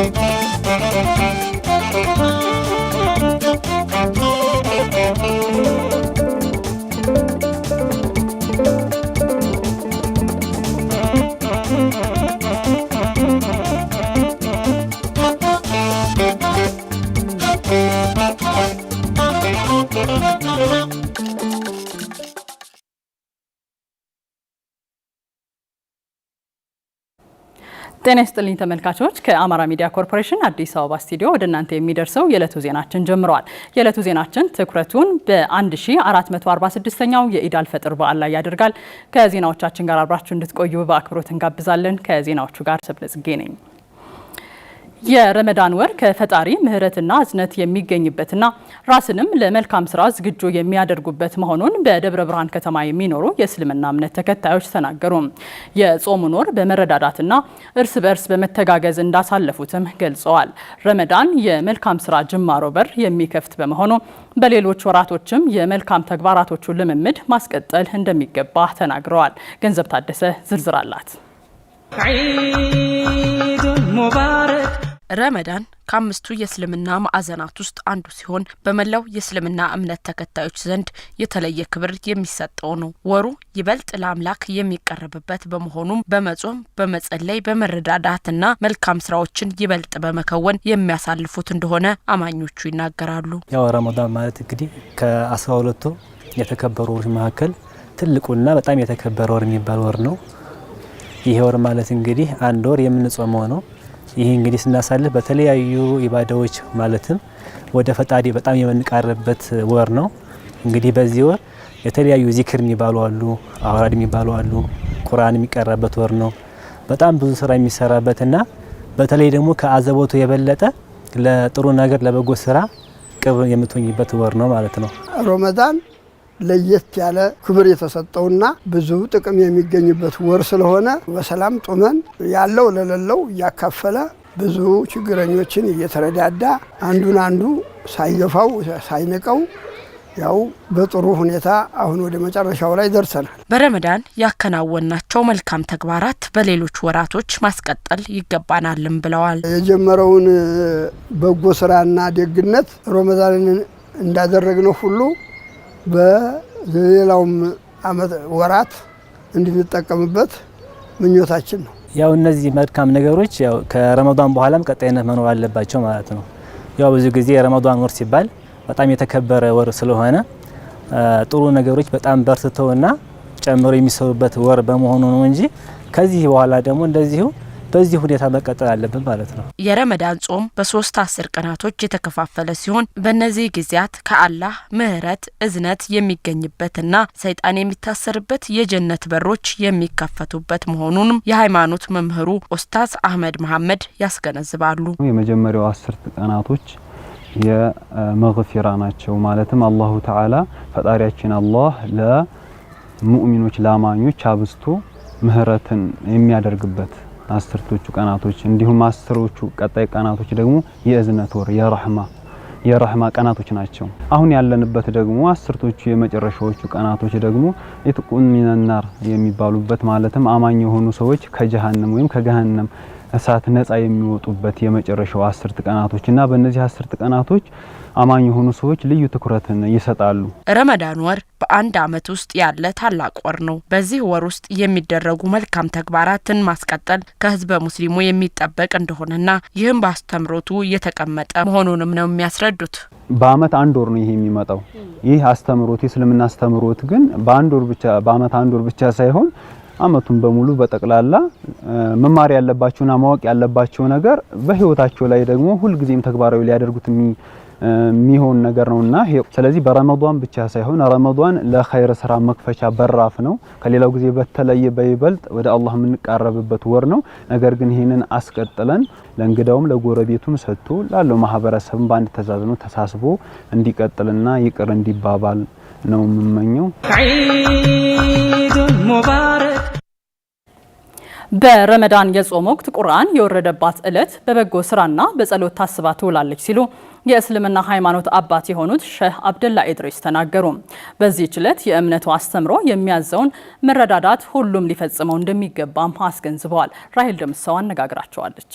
Thank you. ጤና ይስጥልኝ ተመልካቾች፣ ከአማራ ሚዲያ ኮርፖሬሽን አዲስ አበባ ስቱዲዮ ወደ እናንተ የሚደርሰው የዕለቱ ዜናችን ጀምረዋል። የዕለቱ ዜናችን ትኩረቱን በ1446ኛው የኢዳል ፈጥር በዓል ላይ ያደርጋል። ከዜናዎቻችን ጋር አብራችሁ እንድትቆዩ በአክብሮት እንጋብዛለን። ከዜናዎቹ ጋር ሰብለ ጽጌ ነኝ። የረመዳን ወር ከፈጣሪ ምሕረትና እዝነት የሚገኝበትና ራስንም ለመልካም ስራ ዝግጁ የሚያደርጉበት መሆኑን በደብረ ብርሃን ከተማ የሚኖሩ የእስልምና እምነት ተከታዮች ተናገሩ። የጾሙን ወር በመረዳዳትና እርስ በእርስ በመተጋገዝ እንዳሳለፉትም ገልጸዋል። ረመዳን የመልካም ስራ ጅማሮ በር የሚከፍት በመሆኑ በሌሎች ወራቶችም የመልካም ተግባራቶቹን ልምምድ ማስቀጠል እንደሚገባ ተናግረዋል። ገንዘብ ታደሰ ዝርዝር አላት። ዒድ ሙባረክ ረመዳን ከአምስቱ የእስልምና ማዕዘናት ውስጥ አንዱ ሲሆን በመላው የእስልምና እምነት ተከታዮች ዘንድ የተለየ ክብር የሚሰጠው ነው። ወሩ ይበልጥ ለአምላክ የሚቀርብበት በመሆኑም በመጾም በመጸለይ፣ በመረዳዳትና መልካም ስራዎችን ይበልጥ በመከወን የሚያሳልፉት እንደሆነ አማኞቹ ይናገራሉ። ያው ረመዳን ማለት እንግዲህ ከአስራ ሁለቱ የተከበሩ ወሮች መካከል ትልቁና በጣም የተከበረ ወር የሚባል ወር ነው። ይሄ ወር ማለት እንግዲህ አንድ ወር የምንጾመው ነው ይህ እንግዲህ ስናሳልፍ በተለያዩ ኢባዳዎች ማለትም ወደ ፈጣሪ በጣም የምንቃረብበት ወር ነው። እንግዲህ በዚህ ወር የተለያዩ ዚክር የሚባሉ አሉ፣ አውራድ የሚባሉ አሉ። ቁርአን የሚቀራበት ወር ነው። በጣም ብዙ ስራ የሚሰራበትና በተለይ ደግሞ ከአዘቦቱ የበለጠ ለጥሩ ነገር ለበጎ ስራ ቅርብ የምትሆኝበት ወር ነው ማለት ነው ሮመዳን ለየት ያለ ክብር የተሰጠውና ብዙ ጥቅም የሚገኝበት ወር ስለሆነ በሰላም ጡመን ያለው ለሌለው እያካፈለ ብዙ ችግረኞችን እየተረዳዳ አንዱን አንዱ ሳይገፋው ሳይንቀው ያው በጥሩ ሁኔታ አሁን ወደ መጨረሻው ላይ ደርሰናል። በረመዳን ያከናወናቸው መልካም ተግባራት በሌሎች ወራቶች ማስቀጠል ይገባናልም ብለዋል። የጀመረውን በጎ ስራና ደግነት ረመዳንን እንዳደረግነው ሁሉ በሌላውም አመት ወራት እንድንጠቀምበት ምኞታችን ነው። ያው እነዚህ መልካም ነገሮች ያው ከረመዷን በኋላም ቀጣይነት መኖር አለባቸው ማለት ነው። ያው ብዙ ጊዜ ረመዷን ወር ሲባል በጣም የተከበረ ወር ስለሆነ ጥሩ ነገሮች በጣም በርትተውና ጨምሮ የሚሰሩበት ወር በመሆኑ ነው እንጂ ከዚህ በኋላ ደግሞ እንደዚሁ በዚህ ሁኔታ መቀጠል አለብን ማለት ነው። የረመዳን ጾም በሶስት አስር ቀናቶች የተከፋፈለ ሲሆን በእነዚህ ጊዜያት ከአላህ ምሕረት እዝነት የሚገኝበትና ሰይጣን የሚታሰርበት የጀነት በሮች የሚከፈቱበት መሆኑንም የሃይማኖት መምህሩ ኡስታዝ አህመድ መሀመድ ያስገነዝባሉ። የመጀመሪያው አስርት ቀናቶች የመግፊራ ናቸው። ማለትም አላሁ ተዓላ ፈጣሪያችን አላህ ለሙእሚኖች ለአማኞች አብዝቶ ምህረትን የሚያደርግበት አስርቶቹ ቀናቶች እንዲሁም አስሮቹ ቀጣይ ቀናቶች ደግሞ የእዝነት ወር የረህማ የረህማ ቀናቶች ናቸው። አሁን ያለንበት ደግሞ አስርቶቹ የመጨረሻዎቹ ቀናቶች ደግሞ ኢትቁን ሚነናር የሚባሉበት ማለትም አማኝ የሆኑ ሰዎች ከጀሃነም ወይም ከገሃነም እሳት ነጻ የሚወጡበት የመጨረሻው አስርት ቀናቶች እና በእነዚህ አስርት ቀናቶች አማኝ የሆኑ ሰዎች ልዩ ትኩረትን ይሰጣሉ። ረመዳን ወር በአንድ ዓመት ውስጥ ያለ ታላቅ ወር ነው። በዚህ ወር ውስጥ የሚደረጉ መልካም ተግባራትን ማስቀጠል ከህዝበ ሙስሊሙ የሚጠበቅ እንደሆነና ይህም በአስተምሮቱ የተቀመጠ መሆኑንም ነው የሚያስረዱት። በአመት አንድ ወር ነው ይሄ የሚመጣው። ይህ አስተምሮት የእስልምና አስተምሮት ግን በአንድ ወር ብቻ በአመት አንድ ወር ብቻ ሳይሆን አመቱን በሙሉ በጠቅላላ መማር ያለባቸውና ማወቅ ያለባቸው ነገር በህይወታቸው ላይ ደግሞ ሁልጊዜም ተግባራዊ ሊያደርጉት የሚሆን ነገር ነውና ስለዚህ በረመዷን ብቻ ሳይሆን ረመዷን ለኸይር ስራ መክፈቻ በራፍ ነው። ከሌላው ጊዜ በተለየ በይበልጥ ወደ አላህ የምንቃረብበት ወር ነው። ነገር ግን ይህንን አስቀጥለን ለእንግዳውም ለጎረቤቱም ሰጥቶ ላለው ማህበረሰብም በአንድ ተዛዝኖ ተሳስቦ እንዲቀጥልና ይቅር እንዲባባል ነው የምመኘው። በረመዳን የጾም ወቅት ቁርአን የወረደባት ዕለት በበጎ ስራና በጸሎት ታስባ ትውላለች ሲሉ የእስልምና ሃይማኖት አባት የሆኑት ሼህ አብደላ ኢድሪስ ተናገሩ። በዚህች ዕለት የእምነቱ አስተምሮ የሚያዘውን መረዳዳት ሁሉም ሊፈጽመው እንደሚገባም አስገንዝበዋል። ራሄል ደምሰው አነጋግራቸዋለች።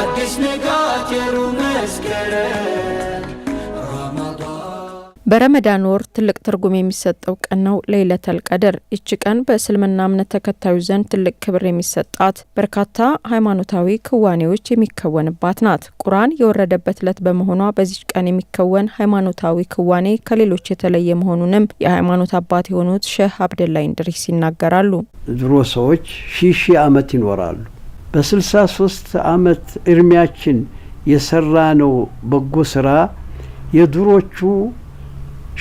አዲስ በረመዳን ወር ትልቅ ትርጉም የሚሰጠው ቀን ነው ለይለተል ቀድር። ይቺ ቀን በእስልምና እምነት ተከታዩ ዘንድ ትልቅ ክብር የሚሰጣት በርካታ ሃይማኖታዊ ክዋኔዎች የሚከወንባት ናት። ቁርአን የወረደበት እለት በመሆኗ በዚች ቀን የሚከወን ሃይማኖታዊ ክዋኔ ከሌሎች የተለየ መሆኑንም የሃይማኖት አባት የሆኑት ሼህ አብደላ እንድሪስ ይናገራሉ። ድሮ ሰዎች ሺህ ሺህ ዓመት ይኖራሉ። በስልሳ ሶስት ዓመት እድሜያችን የሰራ ነው በጎ ስራ የድሮቹ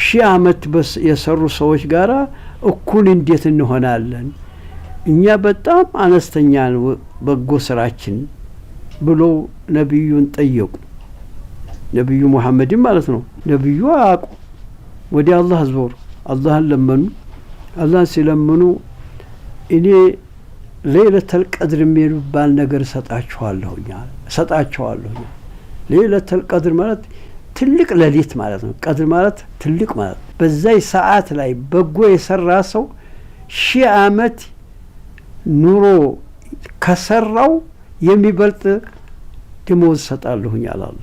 ሺህ ዓመት የሰሩ ሰዎች ጋር እኩል እንዴት እንሆናለን? እኛ በጣም አነስተኛ ነው በጎ ስራችን ብሎ ነቢዩን ጠየቁ። ነቢዩ ሙሐመድን ማለት ነው። ነቢዩ አያውቁ ወዲ አላህ ዞሩ። አላህን ለመኑ። አላህን ሲለምኑ እኔ ሌለተል ቀድር የሚባል ነገር እሰጣችኋለሁ እሰጣችኋለሁ ሌለተል ቀድር ማለት ትልቅ ሌሊት ማለት ነው። ቀድር ማለት ትልቅ ማለት ነው። በዛይ ሰዓት ላይ በጎ የሰራ ሰው ሺህ ዓመት ኑሮ ከሰራው የሚበልጥ ደሞዝ ሰጣለሁኝ አላለ።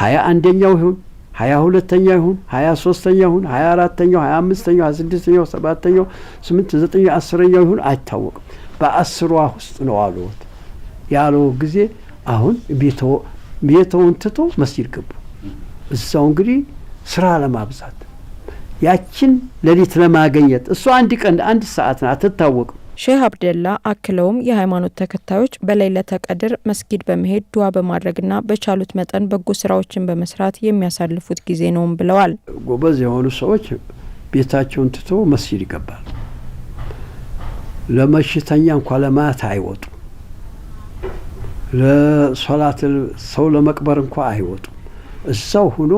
ሀያ አንደኛው ይሁን ሀያ ሁለተኛ ይሁን ሀያ ሶስተኛ ይሁን ሀያ አራተኛው ሀያ አምስተኛው ሀያ ስድስተኛው ሰባተኛው ስምንት ዘጠኛው አስረኛው ይሁን አይታወቅም። በአስሯ ውስጥ ነው አሉት ያለው ጊዜ አሁን ቤተውን ትቶ መስጂድ ገቡ። እዛው እንግዲህ ስራ ለማብዛት ያችን ሌሊት ለማገኘት እሱ አንድ ቀን አንድ ሰዓት ነው፣ አትታወቅም። ሼህ አብደላ አክለውም የሃይማኖት ተከታዮች በለይለተ ቀድር መስጊድ በመሄድ ዱዋ በማድረግና በቻሉት መጠን በጎ ስራዎችን በመስራት የሚያሳልፉት ጊዜ ነውም ብለዋል። ጎበዝ የሆኑ ሰዎች ቤታቸውን ትቶ መስጊድ ይገባል። ለመሽተኛ እንኳ ለማት አይወጡ፣ ለሶላት ሰው ለመቅበር እንኳ አይወጡ። እዛው ሁኖ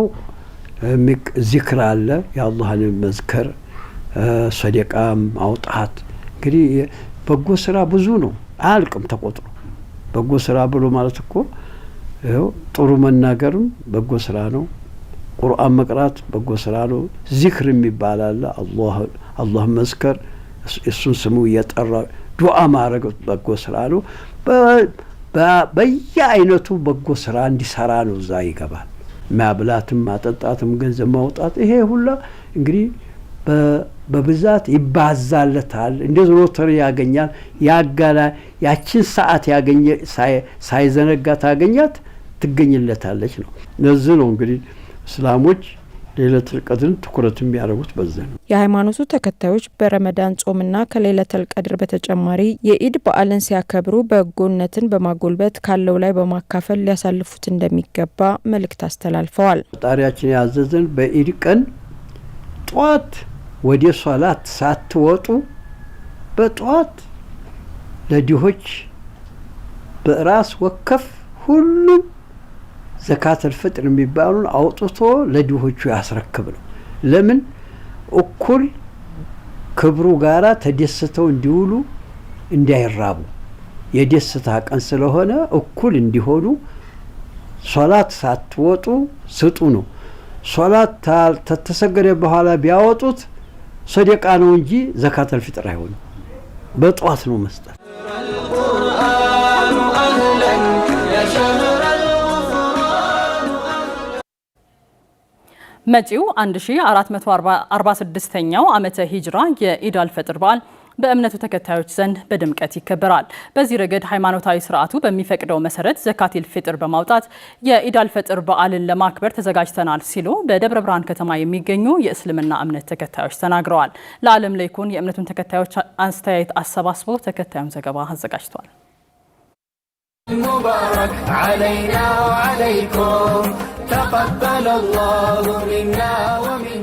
ዚክር አለ፣ የአላህን መዝከር፣ ሰደቃ አውጣት እንግዲህ በጎ ስራ ብዙ ነው፣ አያልቅም ተቆጥሮ። በጎ ስራ ብሎ ማለት እኮ ጥሩ መናገርም በጎ ስራ ነው። ቁርአን መቅራት በጎ ስራ ነው። ዚክር የሚባል አለ፣ አላህ መዝከር፣ እሱን ስሙ እየጠራ ዱዓ ማድረግ በጎ ስራ ነው። በየአይነቱ በጎ ስራ እንዲሰራ ነው እዛ ይገባል። ማብላትም ማጠጣትም ገንዘብ ማውጣት ይሄ ሁላ እንግዲህ በብዛት ይባዛለታል። እንደ ሎተሪ ያገኛል። ያጋላ ያችን ሰዓት ያገኘ ሳይዘነጋ ታገኛት ትገኝለታለች ነው። ለዚህ ነው እንግዲህ እስላሞች ሌለት ልቀድርን ትኩረት የሚያደርጉት በዚህ ነው። የሃይማኖቱ ተከታዮች በረመዳን ጾምና ከሌለት ልቀድር በተጨማሪ የኢድ በዓልን ሲያከብሩ በጎነትን በማጎልበት ካለው ላይ በማካፈል ሊያሳልፉት እንደሚገባ መልእክት አስተላልፈዋል። ፈጣሪያችን ያዘዘን በኢድ ቀን ጠዋት ወደ ሶላት ሳትወጡ በጠዋት ለዲሆች በራስ ወከፍ ሁሉም ዘካተል ፍጥር የሚባሉን አውጥቶ ለድሆቹ ያስረክብ ነው። ለምን እኩል ክብሩ ጋራ ተደስተው እንዲውሉ እንዳይራቡ የደስታ ቀን ስለሆነ እኩል እንዲሆኑ ሶላት ሳትወጡ ስጡ ነው። ሶላት ተተሰገደ በኋላ ቢያወጡት ሰደቃ ነው እንጂ ዘካተል ፊጥር አይሆንም። በጠዋት ነው መስጠት። መጪው 1446ኛው ዓመተ ሂጅራ የኢድ አልፈጥር በዓል በእምነቱ ተከታዮች ዘንድ በድምቀት ይከበራል። በዚህ ረገድ ሃይማኖታዊ ስርዓቱ በሚፈቅደው መሰረት ዘካቲል ፍጥር በማውጣት የኢዳል ፈጥር በዓልን ለማክበር ተዘጋጅተናል ሲሉ በደብረ ብርሃን ከተማ የሚገኙ የእስልምና እምነት ተከታዮች ተናግረዋል። ለዓለም ለይኩን የእምነቱን ተከታዮች አስተያየት አሰባስቦ ተከታዩን ዘገባ አዘጋጅቷል።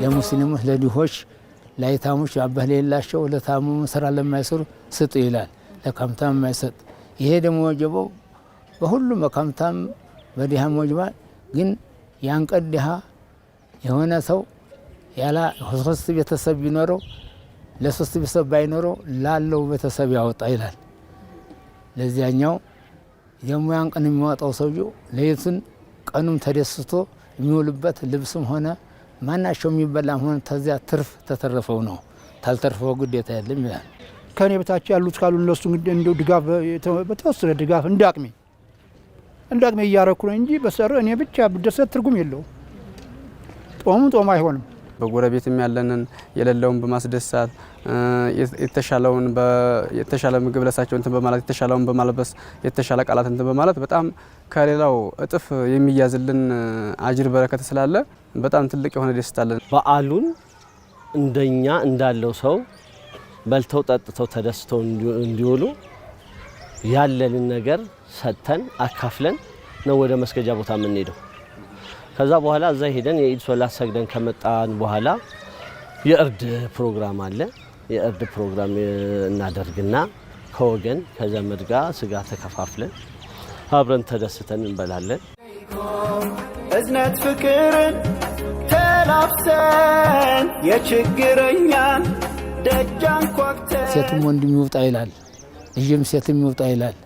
ለሙስሊሙ ለድሆች ለአይታሞች አባህ ሌላቸው ለታሙ ስራ ለማይሰሩ ስጥ ይላል። ለካምታም የማይሰጥ ይሄ ደግሞ ወጀበው በሁሉም በካምታም በድሃም ወጅባል። ግን ያንቀድ ቀን ድሃ የሆነ ሰው ያላ ሶስት ቤተሰብ ቢኖረው ለሶስት ቤተሰብ ባይኖረው ላለው ቤተሰብ ያወጣ ይላል ለዚያኛው የሙያን ቀን የሚወጣው ሰውዬ ሌሊቱን ቀኑም ተደስቶ የሚውልበት ልብስም ሆነ ማናቸው የሚበላም ሆነ ተዚያ ትርፍ ተተረፈው ነው። ታልተርፈው ግዴታ የለም ይላል። ከእኔ በታች ያሉት ካሉ እነሱ ድጋፍ በተወሰነ ድጋፍ እንደ አቅሜ እንደ አቅሜ እያረኩ ነው እንጂ በሰሩ እኔ ብቻ ብደሰት ትርጉም የለው ጦሙ ጦም አይሆንም። በጎረቤትም ያለንን የሌለውን በማስደሳት የተሻለውን የተሻለ ምግብ ለሳቸው እንትን በማለት የተሻለውን በማልበስ የተሻለ ቃላት እንትን በማለት በጣም ከሌላው እጥፍ የሚያዝልን አጅር በረከት ስላለ በጣም ትልቅ የሆነ ደስታ አለን። በዓሉን እንደኛ እንዳለው ሰው በልተው ጠጥተው ተደስተው እንዲውሉ ያለንን ነገር ሰጥተን አካፍለን ነው ወደ መስገጃ ቦታ የምንሄደው። ከዛ በኋላ እዛ ሄደን የኢድ ሶላት ሰግደን ከመጣን በኋላ የእርድ ፕሮግራም አለ። የእርድ ፕሮግራም እናደርግና ከወገን ከዘመድ ጋር ስጋ ተከፋፍለን አብረን ተደስተን እንበላለን። እዝነት ፍቅርን ተላብሰን የችግረኛን ደጃን ኳክተን ሴትም ወንድም ይውጣ ይላል፣ ልጅም ሴትም ይውጣ ይላል።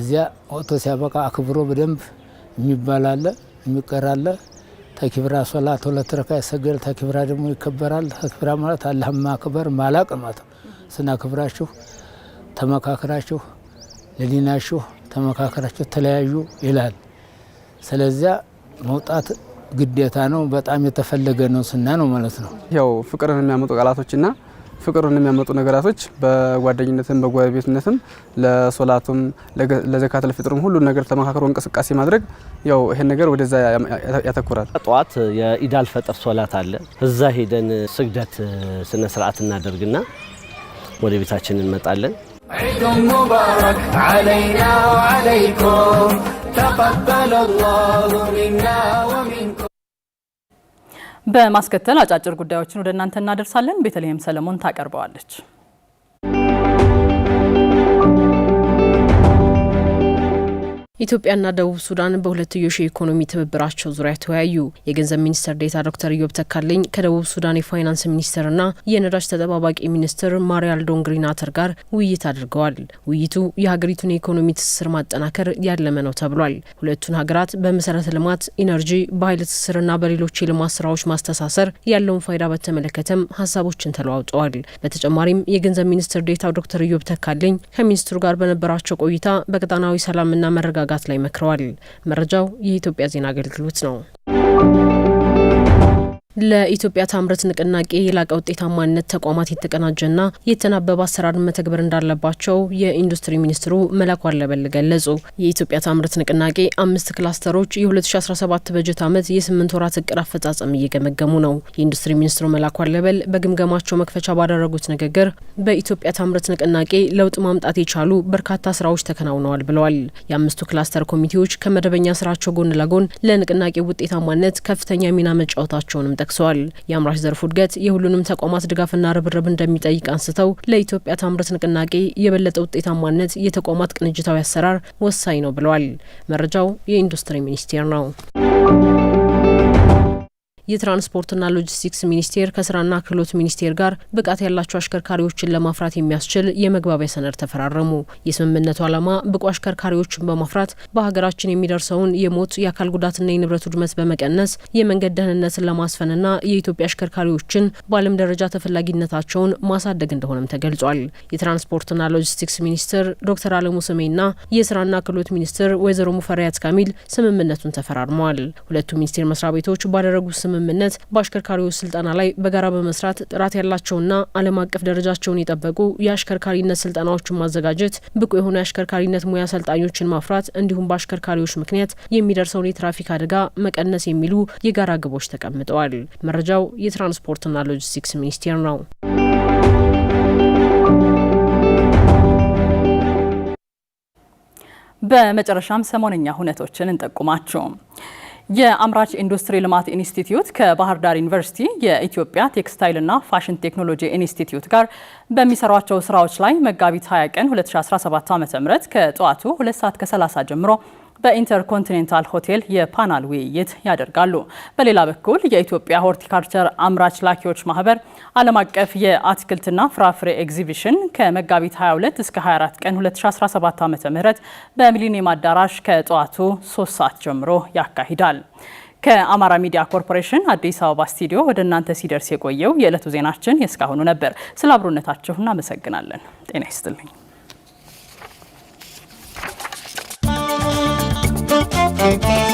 እዚያ ወጥቶ ሲያበቃ አክብሮ በደንብ የሚባል አለ። የሚቀራለ ተኪብራ ሶላት ሁለት ረካ ያሰገድ ተኪብራ ደግሞ ይከበራል። ተኪብራ ማለት አላህን ማክበር ማላቅ ማለት ነው። ስናክብራችሁ ተመካክራችሁ ለዲናችሁ ተመካከራችሁ ተለያዩ ይላል። ስለዚያ መውጣት ግዴታ ነው። በጣም የተፈለገ ነው ስና ነው ማለት ነው። ያው ፍቅርን የሚያመጡ ቃላቶችና ፍቅሩን የሚያመጡ ነገራቶች በጓደኝነትም በጎረቤትነትም ለሶላቱም ለዘካት ለፍጥሩም ሁሉ ነገር ተመካክሮ እንቅስቃሴ ማድረግ ያው ይሄን ነገር ወደዛ ያተኩራል። ጠዋት የኢዳል ፈጥር ሶላት አለ። እዛ ሄደን ስግደት ስነ ስርዓት እናደርግና ወደ ቤታችን እንመጣለን። ሙባረክ ዓለይና ወዓለይኩም ተቀበለ አላሁ ሚና ወሚንኩም በማስከተል አጫጭር ጉዳዮችን ወደ እናንተ እናደርሳለን። ቤተልሔም ሰለሞን ታቀርበዋለች። ኢትዮጵያና ደቡብ ሱዳን በሁለትዮሽ የኢኮኖሚ ትብብራቸው ዙሪያ ተወያዩ። የገንዘብ ሚኒስትር ዴታ ዶክተር ኢዮብ ተካልኝ ከደቡብ ሱዳን የፋይናንስ ሚኒስትርና የነዳጅ ተጠባባቂ ሚኒስትር ማሪያል ዶንግሪናተር ጋር ውይይት አድርገዋል። ውይይቱ የሀገሪቱን የኢኮኖሚ ትስስር ማጠናከር ያለመ ነው ተብሏል። ሁለቱን ሀገራት በመሰረተ ልማት፣ ኢነርጂ፣ በኃይል ትስስርና በሌሎች የልማት ስራዎች ማስተሳሰር ያለውን ፋይዳ በተመለከተም ሀሳቦችን ተለዋውጠዋል። በተጨማሪም የገንዘብ ሚኒስትር ዴታ ዶክተር ኢዮብ ተካልኝ ከሚኒስትሩ ጋር በነበራቸው ቆይታ በቀጣናዊ ሰላምና መረጋ በመዘጋት ላይ መክረዋል። መረጃው የኢትዮጵያ ዜና አገልግሎት ነው። ለኢትዮጵያ ታምረት ንቅናቄ የላቀ ውጤታማነት ተቋማት የተቀናጀና የተናበበ አሰራር መተግበር እንዳለባቸው የኢንዱስትሪ ሚኒስትሩ መላኩ አለበል ገለጹ። የኢትዮጵያ ታምረት ንቅናቄ አምስት ክላስተሮች የ2017 በጀት ዓመት የስምንት ወራት እቅድ አፈጻጸም እየገመገሙ ነው። የኢንዱስትሪ ሚኒስትሩ መላኩ አለበል በግምገማቸው መክፈቻ ባደረጉት ንግግር በኢትዮጵያ ታምረት ንቅናቄ ለውጥ ማምጣት የቻሉ በርካታ ስራዎች ተከናውነዋል ብለዋል። የአምስቱ ክላስተር ኮሚቴዎች ከመደበኛ ስራቸው ጎን ለጎን ለንቅናቄ ውጤታማነት ከፍተኛ ሚና መጫወታቸውንም ጠቅሰዋል። የአምራች ዘርፉ እድገት የሁሉንም ተቋማት ድጋፍና ርብርብ እንደሚጠይቅ አንስተው ለኢትዮጵያ ታምርት ንቅናቄ የበለጠ ውጤታማነት የተቋማት ቅንጅታዊ አሰራር ወሳኝ ነው ብለዋል። መረጃው የኢንዱስትሪ ሚኒስቴር ነው። የትራንስፖርትና ሎጂስቲክስ ሚኒስቴር ከስራና ክህሎት ሚኒስቴር ጋር ብቃት ያላቸው አሽከርካሪዎችን ለማፍራት የሚያስችል የመግባቢያ ሰነድ ተፈራረሙ። የስምምነቱ ዓላማ ብቁ አሽከርካሪዎችን በማፍራት በሀገራችን የሚደርሰውን የሞት የአካል ጉዳትና የንብረት ውድመት በመቀነስ የመንገድ ደህንነትን ለማስፈንና የኢትዮጵያ አሽከርካሪዎችን በዓለም ደረጃ ተፈላጊነታቸውን ማሳደግ እንደሆነም ተገልጿል። የትራንስፖርትና ሎጂስቲክስ ሚኒስትር ዶክተር አለሙ ስሜና የስራና ክህሎት ሚኒስትር ወይዘሮ ሙፈሪያት ካሚል ስምምነቱን ተፈራርመዋል። ሁለቱ ሚኒስቴር መስሪያ ቤቶች ባደረጉት ስምምነ ስምምነት በአሽከርካሪዎች ስልጠና ላይ በጋራ በመስራት ጥራት ያላቸውና ዓለም አቀፍ ደረጃቸውን የጠበቁ የአሽከርካሪነት ስልጠናዎችን ማዘጋጀት፣ ብቁ የሆኑ የአሽከርካሪነት ሙያ አሰልጣኞችን ማፍራት እንዲሁም በአሽከርካሪዎች ምክንያት የሚደርሰውን የትራፊክ አደጋ መቀነስ የሚሉ የጋራ ግቦች ተቀምጠዋል። መረጃው የትራንስፖርትና ሎጂስቲክስ ሚኒስቴር ነው። በመጨረሻም ሰሞነኛ ሁነቶችን እንጠቁማችሁ። የአምራች ኢንዱስትሪ ልማት ኢንስቲትዩት ከባህር ዳር ዩኒቨርሲቲ የኢትዮጵያ ቴክስታይልና ፋሽን ቴክኖሎጂ ኢንስቲትዩት ጋር በሚሰሯቸው ስራዎች ላይ መጋቢት 20 ቀን 2017 ዓ ም ከጠዋቱ 2 ሰዓት ከ30 ጀምሮ በኢንተርኮንቲኔንታል ሆቴል የፓናል ውይይት ያደርጋሉ። በሌላ በኩል የኢትዮጵያ ሆርቲካልቸር አምራች ላኪዎች ማህበር ዓለም አቀፍ የአትክልትና ፍራፍሬ ኤግዚቢሽን ከመጋቢት 22 እስከ 24 ቀን 2017 ዓ ም በሚሊኒየም አዳራሽ ከጠዋቱ 3 ሰዓት ጀምሮ ያካሂዳል። ከአማራ ሚዲያ ኮርፖሬሽን አዲስ አበባ ስቱዲዮ ወደ እናንተ ሲደርስ የቆየው የዕለቱ ዜናችን የእስካሁኑ ነበር። ስለ አብሮነታችሁ እናመሰግናለን። ጤና ይስጥልኝ። Bye.